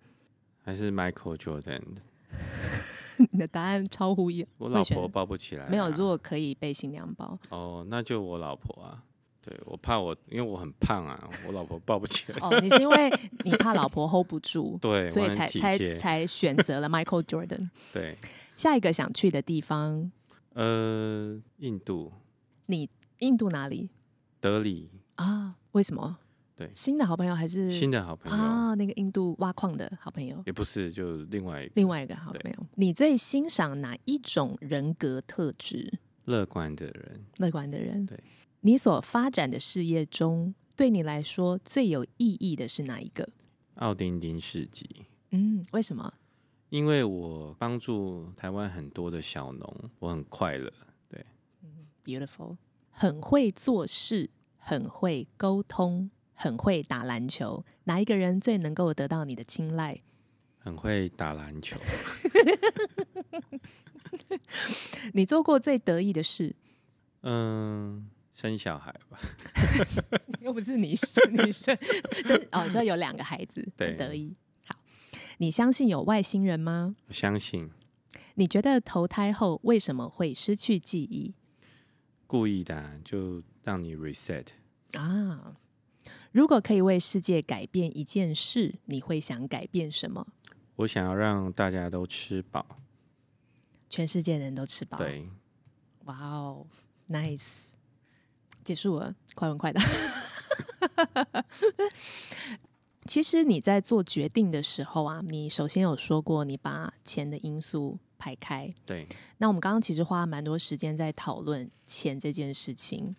還是 Michael Jordan。你的答案超乎意料，我老婆抱不起來了、啊。沒有，如果可以被新娘抱，哦、oh,，那就我老婆啊。對，我怕我，因為我很胖啊， [laughs] 我老婆抱不起來。哦、oh,，你是因為你怕老婆 hold 不住，對， [laughs] 所以才 [laughs] 才才，才選擇了 Michael Jordan。 [laughs] 對，下一個想去的地方，呃，印度。你印度哪裡？德里。啊，為什麼？對，新的好朋友還是新的好朋友啊？那個印度挖礦的好朋友也不是，就另外一個另外一個好朋友。你最欣賞哪一種人格特質？樂觀的人，樂觀的人。對，你所發展的事業中，對你來說最有意義的是哪一個？奧丁丁市集。嗯，為什麼？因為我幫助台灣很多的小農，我很快樂。對，嗯，beautiful，很會做事，很會溝通。很會打籃球，哪一個人最能夠得到你的青睞？很會打籃球。 [laughs] [laughs] 你做過最得意的事？嗯，生小孩吧。 [laughs] [laughs] 又不是你生，你生 [laughs] 哦，所以有兩個孩子，對，很得意。好，你相信有外星人嗎？我相信。你覺得投胎後為什麼會失去記憶？故意的，就讓你 reset 啊。如果可以為世界改變一件事，你會想改變什麼？我想要讓大家都吃飽，全世界的人都吃飽。對，哇哦，nice！結束了，快問快答。 [laughs] [laughs] 其實你在做決定的時候啊，你首先有說過你把錢的因素排開。對，那我們剛剛其實花了蠻多時間在討論錢這件事情。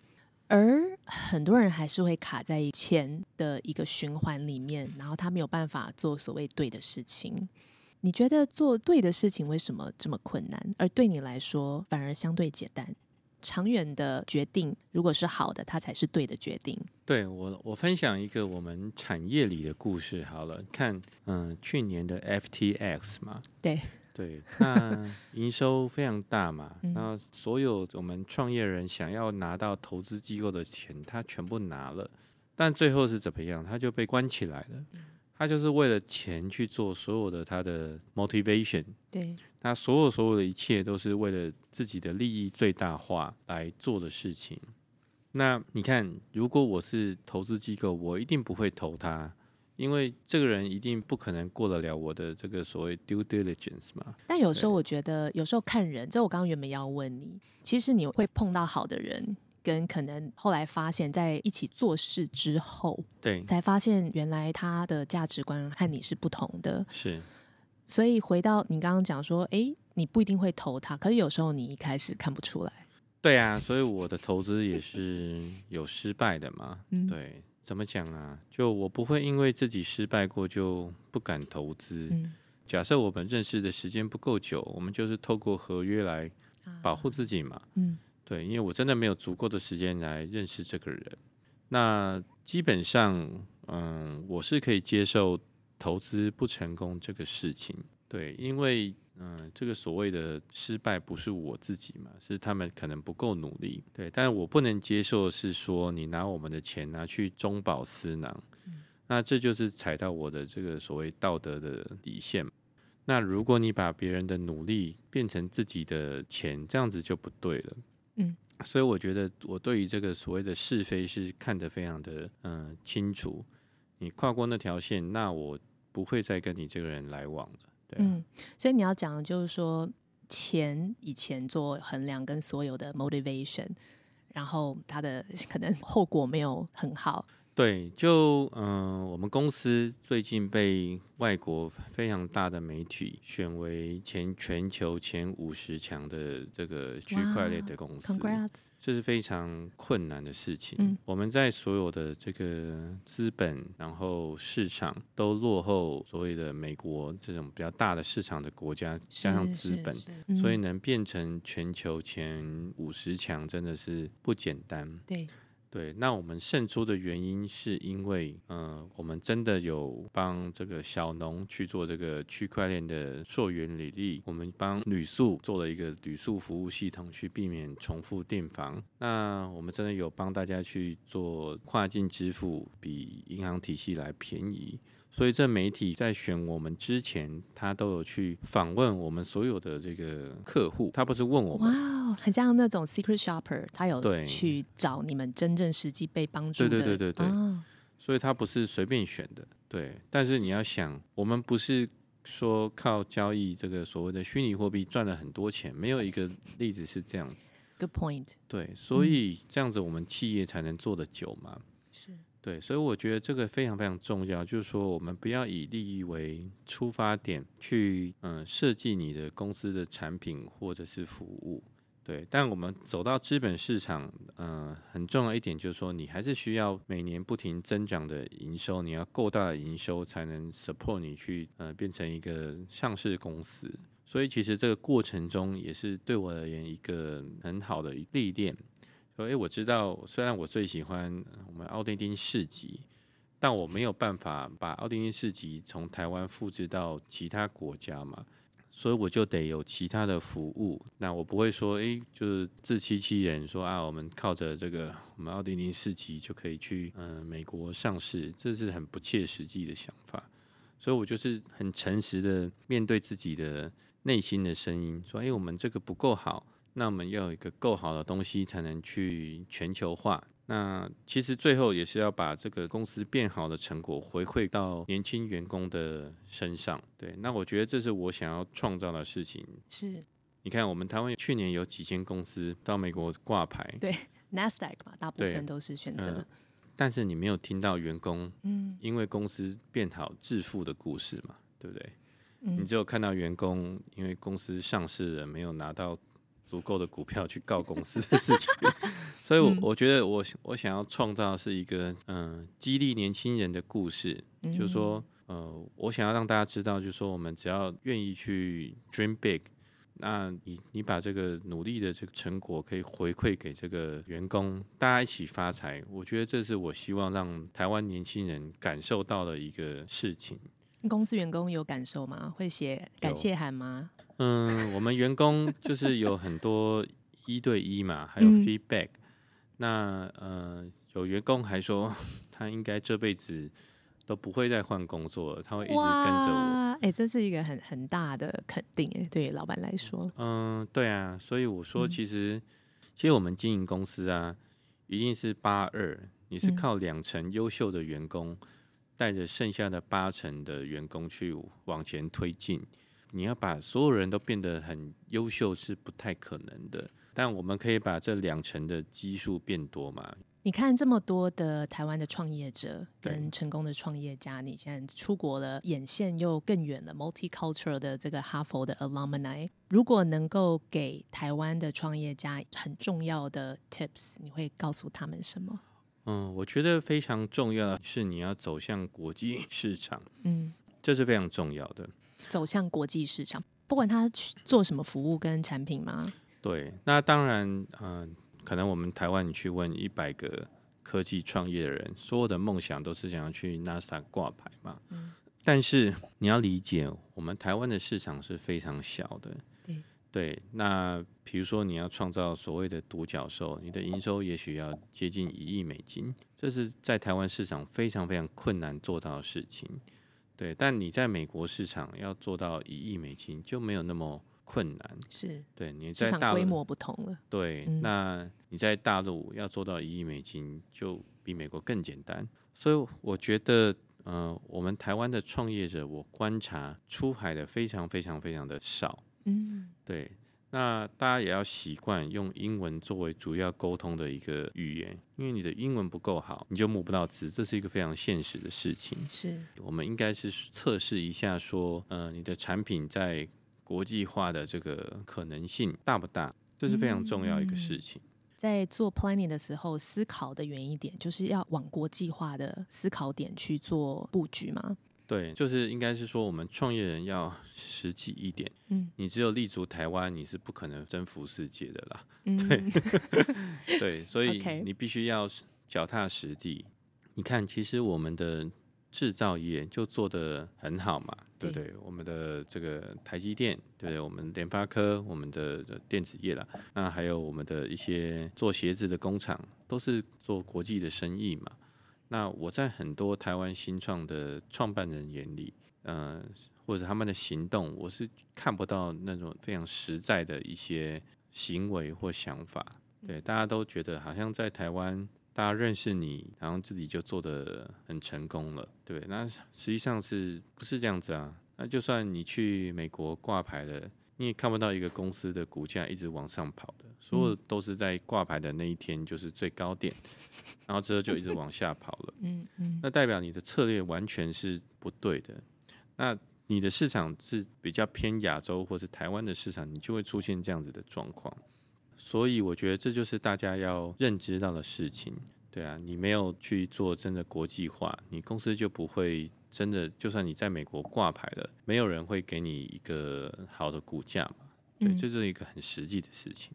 而很多人還是會卡在以前的一個循環裡面，然後他沒有辦法做所謂對的事情。你覺得做對的事情為什麼這麼困難？而對你來說反而相對簡單？長遠的決定如果是好的，它才是對的決定。對我，我分享一個我們產業裡的故事好了，看，嗯、呃，去年的 FTX 嗎？對。對，那營收非常大嘛， [laughs] 那所有我們創業人想要拿到投資機構的錢，他全部拿了，但最後是怎麼樣？他就被關起來了。他就是為了錢去做所有的他的 motivation，對，他所有所有的一切都是為了自己的利益最大化來做的事情。那你看，如果我是投資機構，我一定不會投他。因為這個人一定不可能過得了我的這個所謂 due diligence 嘛。但有時候我覺得，有時候看人，這我剛剛原本要問你，其實你會碰到好的人，跟可能後來發現，在一起做事之後，對，才發現原來他的價值觀和你是不同的。是。所以回到你剛剛講說，哎，你不一定會投他，可是有時候你一開始看不出來。對啊，所以我的投資也是有失敗的嘛。 [laughs] 對 [laughs] 嗯，對。怎麼講啊？就我不會因為自己失敗過就不敢投資。嗯。假設我們認識的時間不夠久，我們就是透過合約來保護自己嘛。嗯。對，因為我真的沒有足夠的時間來認識這個人。那基本上，嗯，我是可以接受投資不成功這個事情。對，因為。嗯，這個所謂的失敗不是我自己嘛，是他們可能不夠努力。對，但我不能接受是說你拿我們的錢拿去中飽私囊。嗯，那這就是踩到我的這個所謂道德的底線。那如果你把別人的努力變成自己的錢，這樣子就不對了。嗯，所以我覺得我對於這個所謂的是非是看得非常的嗯清楚。你跨過那條線，那我不會再跟你這個人來往了。啊、嗯，所以你要講的就是說，錢以前做衡量跟所有的 motivation，然後它的可能後果沒有很好。對，就嗯、呃，我們公司最近被外國非常大的媒體選為前全球前五十強的這個區塊鏈的公司 Wow，這是非常困難的事情，嗯。我們在所有的這個資本，然後市場都落後所謂的美國這種比較大的市場的國家，加上資本、嗯，所以能變成全球前五十強，真的是不簡單。對。對，那我們勝出的原因是因為，嗯、呃，我們真的有幫這個小農去做這個區塊鏈的溯源履歷，我們幫旅宿做了一個旅宿服務系統，去避免重複訂房。那我們真的有幫大家去做跨境支付，比銀行體系來便宜。所以這媒體在選我們之前，他都有去訪問我們所有的這個客戶，他不是問我們。哇，很像那種 secret shopper，他有對去找你們真正實際被幫助的。對對對對對，對、哦。所以他不是隨便選的，對。但是你要想，我們不是說靠交易這個所謂的虛擬貨幣賺了很多錢，沒有一個例子是這樣子。Good point。對，所以這樣子我們企業才能做得久嘛。是。對，所以我覺得這個非常非常重要，就是說我們不要以利益為出發點去嗯、呃、設計你的公司的產品或者是服務，對。但我們走到資本市場，嗯、呃，很重要一點就是說你還是需要每年不停增長的營收，你要夠大的營收才能 support 你去嗯、呃、變成一個上市公司。所以其實這個過程中也是對我而言一個很好的歷練。所以我知道，雖然我最喜歡我們奧丁丁市集，但我沒有辦法把奧丁丁市集從台灣複製到其他國家嘛，所以我就得有其他的服務。那我不會說哎，就是自欺欺人說啊，我們靠着這個我們奧丁丁市集就可以去嗯、呃、美國上市，這是很不切實際的想法。所以我就是很誠實的面對自己的內心的聲音，說哎，我們這個不夠好。那我們要有一個夠好的東西，才能去全球化。那其實最後也是要把這個公司變好的成果回饋到年輕員工的身上。對，那我覺得這是我想要創造的事情。是，你看我們台灣去年有幾千公司到美國掛牌，對，NASDAQ 嘛，大部分都是選擇，呃。但是你沒有聽到員工，嗯，因為公司變好致富的故事嘛，對不對？嗯，你只有看到員工因為公司上市了沒有拿到。足夠的股票去告公司的事情， [laughs] 所以我，我我覺得我我想要創造是一個嗯、呃、激勵年輕人的故事，嗯，就是說，呃，我想要讓大家知道，就是說，我們只要願意去 dream big，那你你把這個努力的這個成果可以回饋給這個員工，大家一起發財，我覺得這是我希望讓台灣年輕人感受到的一個事情。公司員工有感受嗎？會寫感謝函嗎？嗯，我們員工就是有很多一對一嘛， [laughs] 還有 feedback、嗯。那呃，有員工還說他應該這輩子都不會再換工作了，他會一直跟着我。哎、欸，這是一個很很大的肯定哎，對老闆來說。嗯，對啊，所以我說，其實、嗯、其實我們經營公司啊，一定是八二，你是靠兩成優秀的員工。嗯帶着剩下的八成的員工去往前推進，你要把所有人都變得很優秀是不太可能的，但我們可以把這兩成的基數變多嗎？你看這麼多的台灣的創業者跟成功的創業家，你現在出國了，眼線又更遠了，multicultural 的這個哈佛的 alumni，如果能夠給台灣的創業家很重要的 tips，你會告訴他們什麼？嗯，我覺得非常重要的是你要走向國際市場，嗯，這是非常重要的。走向國際市場，不管他去做什麼服務跟產品嗎？對，那當然，嗯、呃，可能我們台灣你去問一百個科技創業的人，所有的夢想都是想要去 NASDAQ 掛牌嘛。嗯，但是你要理解，我們台灣的市場是非常小的。對，那比如說你要創造所謂的獨角獸，你的營收也許要接近一億美金，這是在台灣市場非常非常困難做到的事情。對，但你在美國市場要做到一億美金就沒有那麼困難。是，對，你在大陸，市場規模不同了。對、嗯，那你在大陸要做到一億美金就比美國更簡單。所以我覺得，呃，我們台灣的創業者，我觀察出海的非常非常非常的少。嗯，對，那大家也要習慣用英文作為主要溝通的一個語言，因為你的英文不夠好，你就摸不到詞，這是一個非常現實的事情。是我們應該是測試一下，說，呃，你的產品在國際化的這個可能性大不大，這是非常重要一個事情。嗯，嗯。在做 planning 的時候，思考的遠一點，就是要往國際化的思考點去做布局嘛。對，就是應該是說，我們創業人要實際一點，嗯。你只有立足台灣，你是不可能征服世界的啦。嗯、對， [laughs] 對，所以你必須要腳踏實地，okay。你看，其實我們的制造業就做得很好嘛，對不對？對。我們的這個台積電，對，我們聯發科，我們的電子業啦，那還有我們的一些做鞋子的工廠，都是做國際的生意嘛。那我在很多台灣新創的創辦人眼裡，嗯、呃，或者他們的行動，我是看不到那種非常實在的一些行為或想法。對，大家都覺得好像在台灣，大家認識你，然後自己就做得很成功了。對，那實際上是不是這樣子啊？那就算你去美國掛牌了，你也看不到一個公司的股價一直往上跑。所有都是在掛牌的那一天就是最高點，然後之後就一直往下跑了。嗯嗯，那代表你的策略完全是不對的。那你的市場是比較偏亞洲或是台灣的市場，你就會出現這樣子的狀況。所以我覺得這就是大家要認知到的事情。對啊，你沒有去做真的國際化，你公司就不會真的。就算你在美國掛牌了，沒有人會給你一個好的股價嘛。對，這是一個很實際的事情。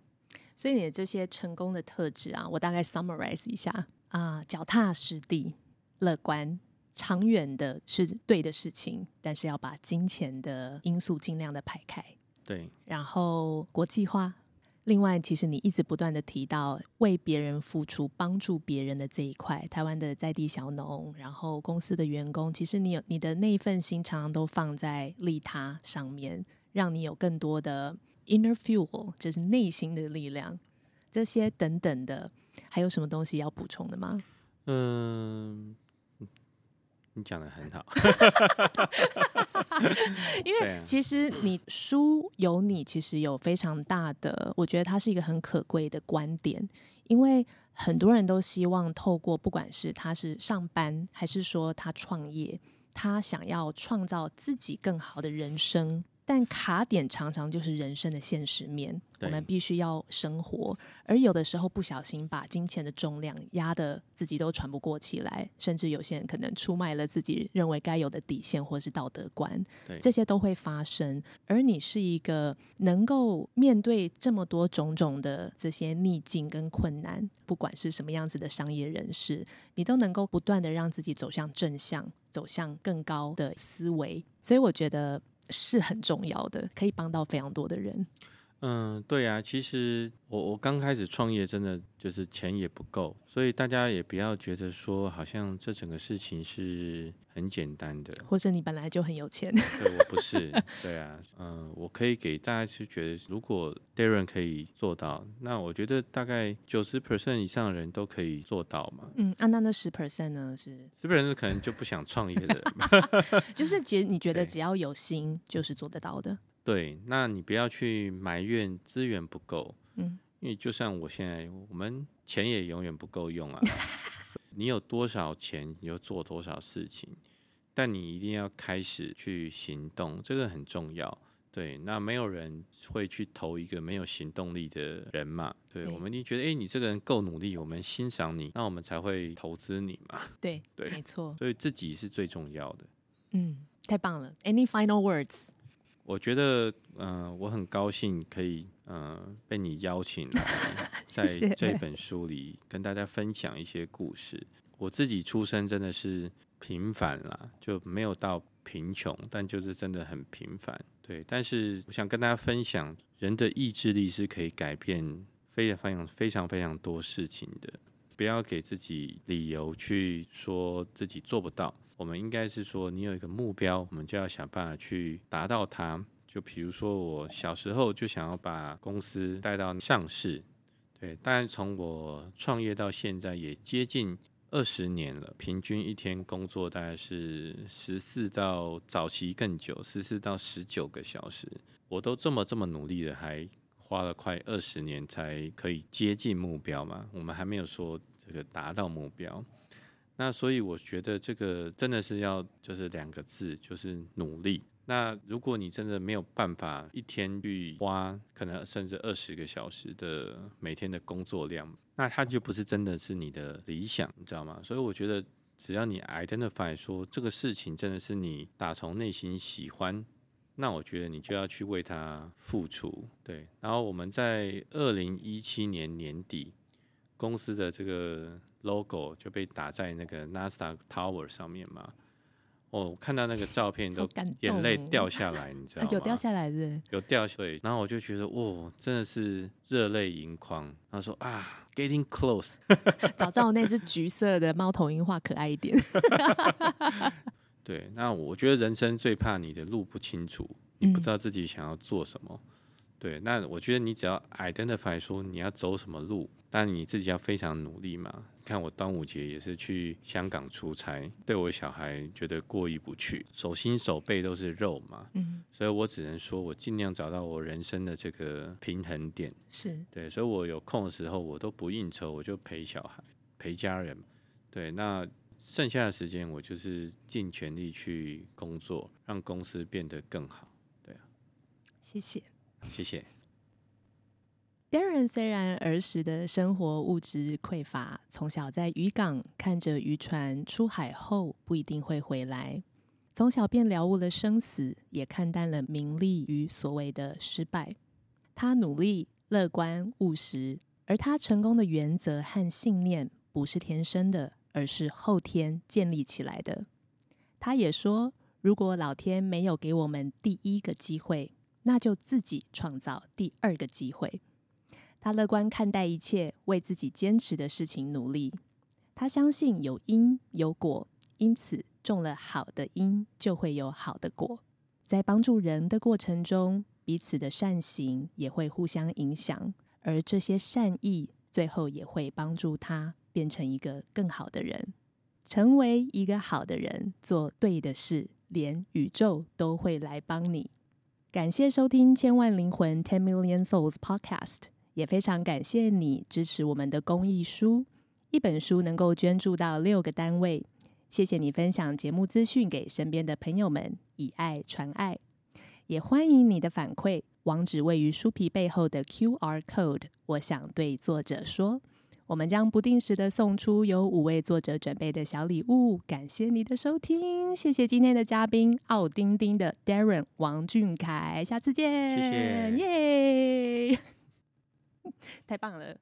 所以你的這些成功的特質啊，我大概 summarize 一下啊，呃，腳踏實地、樂觀、長遠的是對的事情，但是要把金錢的因素盡量的排開。對，然後國際化。另外，其實你一直不斷的提到為別人付出、幫助別人的這一塊，台灣的在地小農，然後公司的員工，其實你有你的那一份心，常常都放在利他上面，讓你有更多的。Inner fuel 就是內心的力量，這些等等的，還有什麼東西要補充的嗎？嗯，你講得很好 [laughs] [laughs] 因為其實你書有你，其實有非常大的，我覺得它是一個很可貴的觀點，因為很多人都希望透過不管是他是上班，還是說他創業，他想要創造自己更好的人生。但卡點常常就是人生的現實面，我們必須要生活。而有的時候不小心把金錢的重量壓得自己都喘不過氣來，甚至有些人可能出賣了自己認為該有的底線或是道德觀，這些都會發生。而你是一個能夠面對這麼多種種的這些逆境跟困難，不管是什麼樣子的商業人士，你都能夠不斷地讓自己走向正向，走向更高的思維。所以我覺得。是很重要的，可以幫到非常多的人。嗯，對呀、啊，其實我我剛開始創業，真的就是錢也不夠，所以大家也不要覺得說，好像這整個事情是很簡單的，或是你本來就很有錢。對，我不是， [laughs] 對啊，嗯，我可以給大家是覺得，如果 Darren 可以做到，那我覺得大概九十 percent 以上的人都可以做到嘛。嗯，啊、那那十 percent 呢？是十 percent 是是可能就不想創業的， [laughs] 就是，其實你覺得只要有心，就是做得到的。對，那你不要去埋怨資源不夠，嗯，因為就算我現在我們錢也永遠不夠用啊。 [laughs] 你有多少錢你就做多少事情，但你一定要開始去行動，這個很重要。對，那沒有人會去投一個沒有行動力的人嘛。對，對我們一定覺得哎、欸，你這個人夠努力，我們欣賞你，那我們才會投資你嘛。對對，沒錯。所以自己是最重要的。嗯，太棒了。Any final words？我覺得，呃，我很高興可以，呃，被你邀請來，在這本書裡跟大家分享一些故事。謝謝。我自己出生真的是平凡啦，就沒有到貧窮，但就是真的很平凡。對，但是我想跟大家分享，人的意志力是可以改變非常非常非常非常多事情的。不要給自己理由去說自己做不到。我們應該是說，你有一個目標，我們就要想辦法去達到它。就比如說，我小時候就想要把公司帶到上市，對。但從我創業到現在也接近二十年了，平均一天工作大概是十四到早期更久，十四到十九個小時。我都這麼這麼努力了，還。花了快二十年才可以接近目標嘛，我們還沒有說這個達到目標。那所以我覺得這個真的是要就是兩個字，就是努力。那如果你真的沒有辦法一天去花，可能甚至二十個小時的每天的工作量，那它就不是真的是你的理想，你知道嗎？所以我覺得只要你 identify 說這個事情真的是你打從內心喜歡。那我覺得你就要去為他付出，對。然後我們在二零一七年年底，公司的這個 logo 就被打在那個 Nasdaq Tower 上面嘛。哦，看到那個照片都眼淚掉下來，哦、你知道嗎？有掉下來的，有掉下來。然後我就覺得，哦，真的是熱淚盈眶。然後說啊，Getting close。 [laughs] 早知道那隻橘色的貓頭鷹畫可愛一點。 [laughs] 對，那我覺得人生最怕你的路不清楚，你不知道自己想要做什麼。嗯。對，那我覺得你只要 identify 說你要走什麼路，但你自己要非常努力嘛。看我端午節也是去香港出差，對我小孩覺得過意不去，手心手背都是肉嘛。嗯，所以我只能說我盡量找到我人生的這個平衡點。是對，所以我有空的時候我都不應酬，我就陪小孩陪家人。對，那。剩下的時間，我就是盡全力去工作，讓公司變得更好。對啊，謝謝，謝謝。Darren 雖然兒時的生活物質匱乏，從小在漁港看着漁船出海後不一定會回來，從小便了悟了生死，也看淡了名利與所謂的失敗。他努力、樂觀、務實，而他成功的原則和信念不是天生的。而是後天建立起來的。他也說：“如果老天沒有給我們第一個機會，那就自己創造第二個機會。”他樂觀看待一切，為自己堅持的事情努力。他相信有因有果，因此種了好的因，就會有好的果。在幫助人的過程中，彼此的善行也會互相影響，而這些善意最後也會幫助他。變成一個更好的人，成為一個好的人，做對的事，連宇宙都會來幫你。感謝收聽《千萬靈魂10 Million Souls Podcast》，也非常感謝你支持我們的公益書，一本書能夠捐助到六個單位。謝謝你分享節目資訊給身邊的朋友們，以愛傳愛。也歡迎你的反饋，網址位於書皮背後的 QR code。我想對作者說。我們將不定時的送出由五位作者準備的小禮物，感謝你的收聽，謝謝今天的嘉賓，奧丁丁的 Darren 王俊凱，下次見，謝謝，耶、yeah!，太棒了。